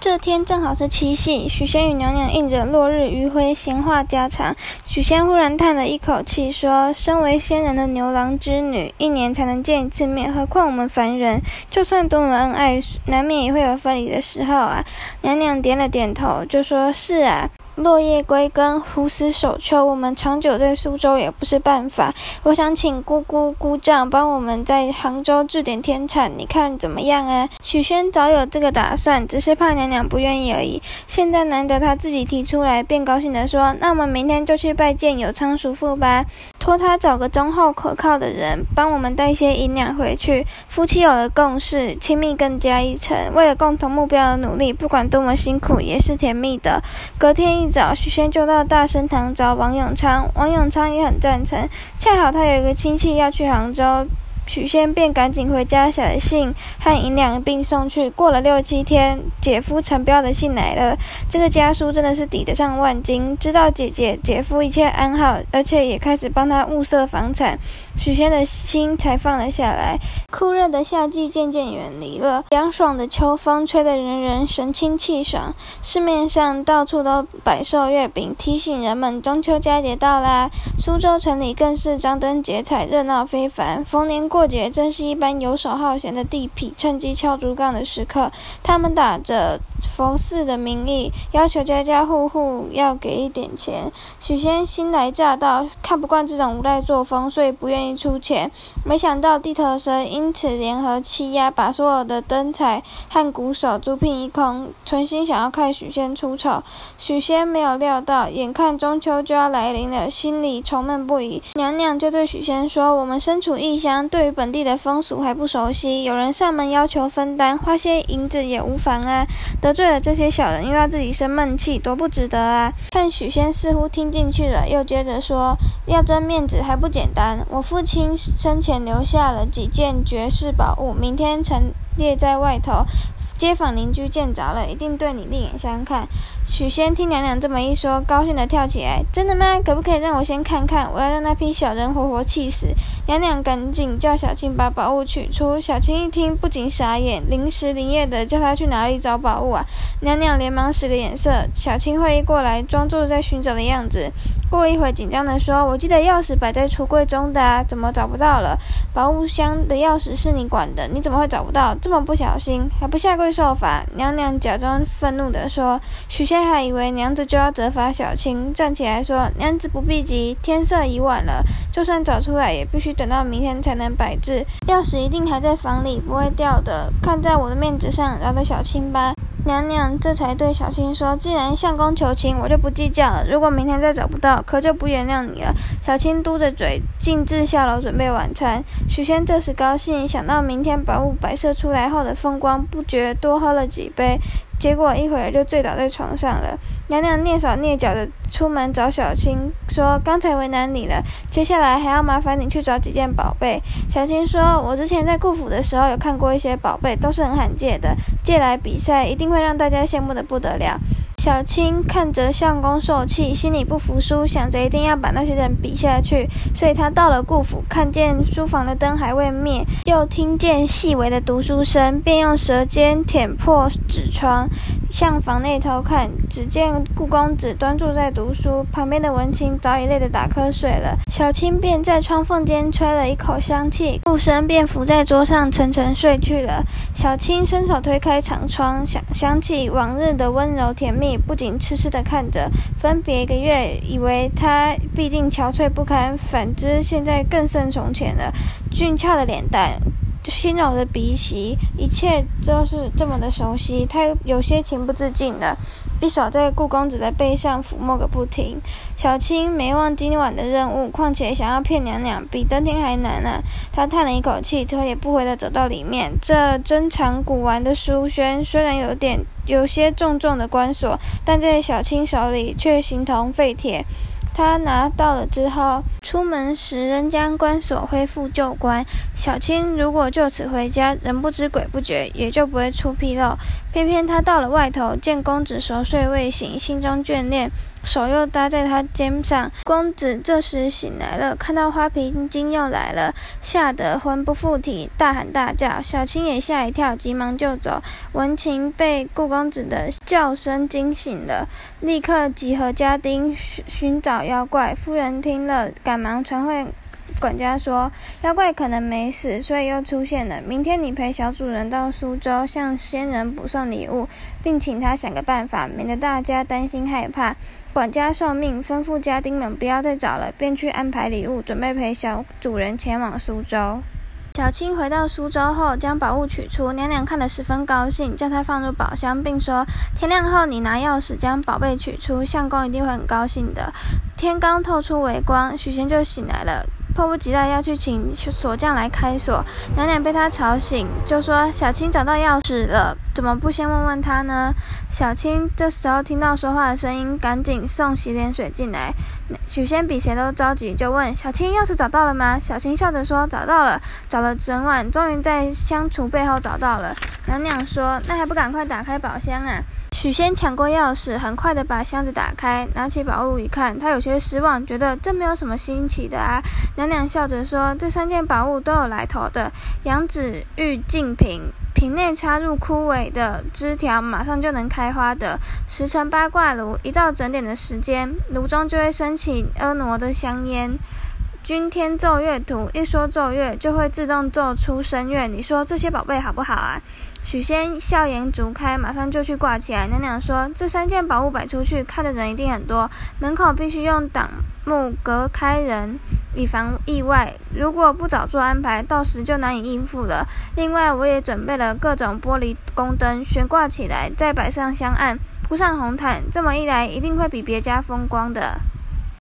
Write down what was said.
這天正好是七夕，許仙與娘娘映着落日餘暉閒話家常。許仙忽然嘆了一口氣，說：“身為仙人的牛郎織女，一年才能見一次面，何況我們凡人，就算多麼恩愛，難免也會有分離的時候啊。”娘娘點了點頭，就說：“是啊。”落葉歸根，狐死首丘。我們長久在蘇州也不是辦法。我想請姑姑姑丈幫我們在杭州置點田產，你看怎麼樣啊？許宣早有這個打算，只是怕娘娘不願意而已。現在難得他自己提出來，便高興地說：“那我們明天就去拜見有倉叔父吧。”說他找個忠厚可靠的人幫我們帶一些銀兩回去。夫妻有了共識，親密更加一層。為了共同目標而努力，不管多麼辛苦也是甜蜜的。隔天一早，許仙就到大生堂找王永昌，王永昌也很贊成。恰好他有一個親戚要去杭州。許仙便趕緊回家寫了信和銀兩，並送去。過了六七天，姐夫陳彪的信來了，這個家書真的是抵得上萬金，知道姐姐、姐夫一切安好，而且也開始幫他物色房產，許仙的心才放了下來。酷熱的夏季漸漸遠離了，涼爽的秋風吹得人人神清氣爽，市面上到處都擺售月餅，提醒人們中秋佳節到啦。蘇州城裡更是張燈結綵，熱鬧非凡，逢年過節真是一般遊手好閒的地痞，趁機敲竹槓的時刻，他們打着佛寺的名義要求家家戶戶要給一點錢。許仙新來乍到，看不慣這種無賴作風，所以不願意出錢。沒想到地頭蛇因此聯合欺壓，把所有的燈綵和鼓手租聘一空，存心想要看許仙出醜。許仙沒有料到，眼看中秋就要來臨了，心裡愁悶不已。娘娘就對許仙說：“我們身處異鄉，對於本地的風俗還不熟悉，有人上門要求分擔，花些銀子也無妨啊。”得罪了這些小人，又要自己生悶氣，多不值得啊！看許仙似乎聽進去了，又接着說：“要爭面子還不簡單？我父親生前留下了幾件絕世寶物，明天陳列在外頭。”街坊鄰居見着了，一定對你另眼相看。許仙聽娘娘這麼一說，高興地跳起來：“真的嗎？可不可以讓我先看看？我要讓那批小人活活氣死！”娘娘趕緊叫小青把寶物取出。小青一聽，不禁傻眼，臨時臨夜的叫他去哪裡找寶物啊？娘娘連忙使個眼色，小青會意過來，裝作在尋找的樣子。過一會兒，緊張地說：“我記得鑰匙擺在櫥櫃中的啊，怎麼找不到了？寶物箱的鑰匙是你管的，你怎麼會找不到？這麼不小心，還不下跪受罰？”娘娘假裝憤怒地說。許仙還以為娘子就要責罰小青，站起來說：“娘子不必急，天色已晚了，就算找出來，也必須等到明天才能擺置。鑰匙一定還在房裡，不會掉的。看在我的面子上，饒了小青吧。”娘娘這才對小青說：“既然相公求情，我就不計較了。如果明天再找不到，可就不原諒你了。”小青嘟着嘴，徑自下樓準備晚餐。許仙這時高興，想到明天寶物擺設出來後的風光，不覺多喝了幾杯。結果一會兒就醉倒在床上了。娘娘躡手躡腳地出門找小青，說：“剛才為難你了，接下來還要麻煩你去找幾件寶貝。”小青說：“我之前在顧府的時候有看過一些寶貝，都是很罕見的，借來比賽一定會讓大家羨慕得不得了。”小青看着相公受氣，心裡不服輸，想着一定要把那些人比下去，所以她到了顧府，看見書房的燈還未滅，又聽見細微的讀書聲，便用舌尖舔，舔破紙窗。向房內偷看，只見顧公子端坐在讀書，旁邊的文清早已累得打瞌睡了。小青便在窗縫間吹了一口香氣，顧生便伏在桌上沉沉睡去了。小青伸手推開長窗，想想起往日的溫柔甜蜜，不禁痴痴的看着。分別一個月，以為他必定憔悴不堪，反之現在更勝從前了，俊俏的臉蛋。輕柔的鼻息，一切都是這麼的熟悉，他有些情不自禁的，一手在顧公子的背上撫摸個不停。小青沒忘今晚的任務，況且想要騙娘娘，比登天還難呢、啊。他嘆了一口氣，頭也不回地走到裡面。這珍藏古玩的書軒，雖然有點有些重重的關鎖，但在小青手裡卻形同廢鐵。他拿到了之後，出門時仍將關鎖恢復舊觀。小青如果就此回家，人不知鬼不覺，也就不會出紕漏。偏偏他到了外頭，見公子熟睡未醒，心中眷戀，手又搭在他肩上。公子這時醒來了，看到花瓶精又來了，嚇得魂不附體，大喊大叫。小青也嚇一跳，急忙就走。文琴被顧公子的叫聲驚醒了，立刻集合家丁尋尋找妖怪。夫人聽了，趕忙傳喚。管家說：“妖怪可能沒死，所以又出現了。明天你陪小主人到蘇州，向仙人補送禮物，並請他想個辦法，免得大家擔心害怕。”管家受命，吩咐家丁們不要再找了，便去安排禮物，準備陪小主人前往蘇州。小青回到蘇州後，將寶物取出，娘娘看得十分高興，叫她放入寶箱，並說：“天亮後你拿鑰匙將寶貝取出，相公一定會很高興的。”天剛透出微光，許仙就醒來了。迫不及待要去請鎖匠來開鎖，娘娘被他吵醒，就說：“小青找到鑰匙了，怎麼不先問問他呢？”小青這時候聽到說話的聲音，趕緊送洗臉水進來。許仙比誰都着急，就問小青：“鑰匙找到了嗎？”小青笑着說：“找到了，找了整晚，終於在香燭背後找到了。”娘娘說：“那還不趕快打開寶箱啊！”許仙搶過鑰匙，很快地把箱子打開，拿起寶物一看，他有些失望，覺得這沒有什麼新奇的啊。娘娘笑着說：“這三件寶物都有來頭的。羊脂玉淨瓶，瓶內插入枯萎的枝條，馬上就能開花的；時辰八卦爐，一到整點的時間，爐中就會升起婀娜的香煙。”鈞天奏樂圖，一說奏樂就會自動奏出聲樂。你說這些寶貝好不好啊？許仙笑顏逐開，馬上就去掛起來。娘娘說，這三件寶物擺出去，看的人一定很多，門口必須用擋木隔開人，以防意外。如果不早做安排，到時就難以應付了。另外，我也準備了各種玻璃宮燈，懸掛起來，再擺上香案，鋪上紅毯。這麼一來，一定會比別家風光的。